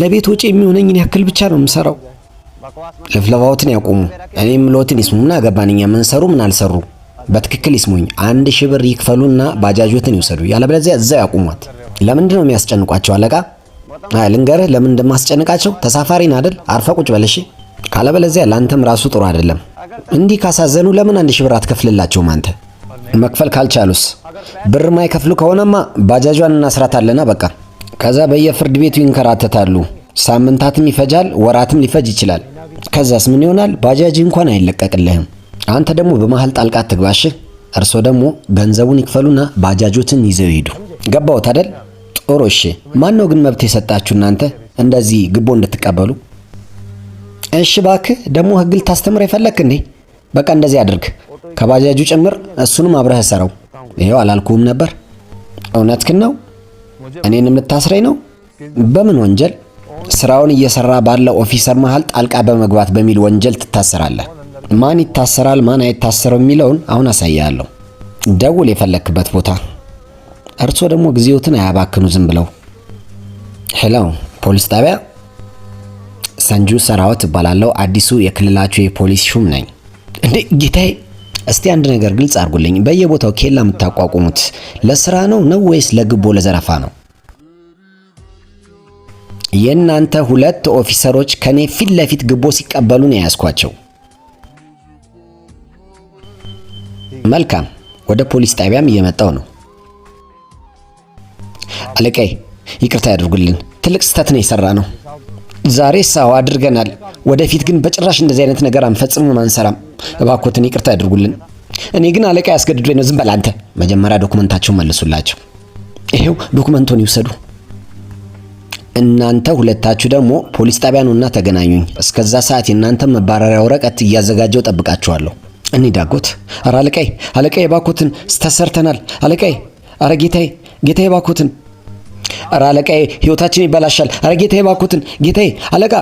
ለቤት ወጪ የሚሆነኝን ያክል ብቻ ነው የምሰራው። ልፍለፋዎትን ያቆሙ። እኔም ሎትን ይስሙና ገባንኛ ምን ሰሩ ምን አልሰሩ በትክክል ይስሙኝ። አንድ ሺህ ብር ይክፈሉና ባጃጆትን ይውሰዱ። ያለበለዚያ እዛ ያቁሟት። ለምንድን ነው የሚያስጨንቋቸው አለቃ? አይ ልንገርህ ለምን እንደማስጨንቃቸው ተሳፋሪን አይደል? አርፈ ቁጭ በልሽ። ካለበለዚያ ላንተም ራሱ ጥሩ አይደለም። እንዲህ ካሳዘኑ ለምን አንድ ሺህ ብር አትከፍልላቸውም አንተ? መክፈል ካልቻሉስ? ብር ማይከፍሉ ከሆነማ ባጃጇን እናስራታለና በቃ ከዛ በየፍርድ ቤቱ ይንከራተታሉ። ሳምንታትም ይፈጃል፣ ወራትም ሊፈጅ ይችላል። ከዛስ ምን ይሆናል? ባጃጅ እንኳን አይለቀቅልህም። አንተ ደግሞ በመሀል ጣልቃ ትግባሽ። እርሶ ደግሞ ገንዘቡን ይክፈሉና ባጃጆትን ይዘው ይሄዱ። ገባው ታደል? ጥሩ እሺ። ማን ነው ግን መብት የሰጣችሁ እናንተ እንደዚህ ግቦ እንድትቀበሉ? እሺ እባክህ ደግሞ ህግ ልታስተምር የፈለክ እንዴ? በቃ እንደዚህ አድርግ፣ ከባጃጁ ጭምር እሱንም አብረህ ሰራው። ይኸው አላልኩህም ነበር? እውነትህን ነው። እኔንም ልታስረኝ ነው? በምን ወንጀል? ስራውን እየሰራ ባለ ኦፊሰር መሃል ጣልቃ በመግባት በሚል ወንጀል ትታሰራለህ። ማን ይታሰራል፣ ማን አይታሰረው የሚለውን አሁን አሳያለሁ። ደውል የፈለክበት ቦታ። እርሶ ደግሞ ጊዜዎትን አያባክኑ ዝም ብለው። ሄሎ፣ ፖሊስ ጣቢያ። ሰንጁ ሰራወት እባላለሁ። አዲሱ የክልላችሁ የፖሊስ ሹም ነኝ። እንዴ ጌታዬ፣ እስቲ አንድ ነገር ግልጽ አድርጉልኝ። በየቦታው ኬላ የምታቋቁሙት ለስራ ነው ነው ወይስ ለግቦ ለዘረፋ ነው? የእናንተ ሁለት ኦፊሰሮች ከኔ ፊት ለፊት ግቦ ሲቀበሉ ነው የያዝኳቸው። መልካም፣ ወደ ፖሊስ ጣቢያም እየመጣው ነው። አለቃይ፣ ይቅርታ ያድርጉልን። ትልቅ ስህተት ነው የሰራ ነው። ዛሬ ሳው አድርገናል። ወደፊት ግን በጭራሽ እንደዚህ አይነት ነገር አንፈጽምም፣ አንሰራም። እባኮትን ይቅርታ ያድርጉልን። እኔ ግን አለቃ ያስገድዶኝ ነው። ዝም በል አንተ። መጀመሪያ ዶኩመንታቸውን መልሱላቸው። ይሄው ዶኩመንቶን ይውሰዱ። እናንተ ሁለታችሁ ደግሞ ፖሊስ ጣቢያ ነውና ተገናኙኝ። እስከዛ ሰዓት የእናንተ መባረሪያ ወረቀት እያዘጋጀው ጠብቃችኋለሁ። እኔ ዳጎት፣ አረ አለቃይ፣ አለቃይ ባኮትን ስተሰርተናል። አለቃይ፣ አረ ጌታዬ፣ ጌታዬ ባኮትን፣ አረ አለቃይ፣ ህይወታችን ይበላሻል። አረ ጌታዬ ባኮትን፣ ጌታዬ አለቃ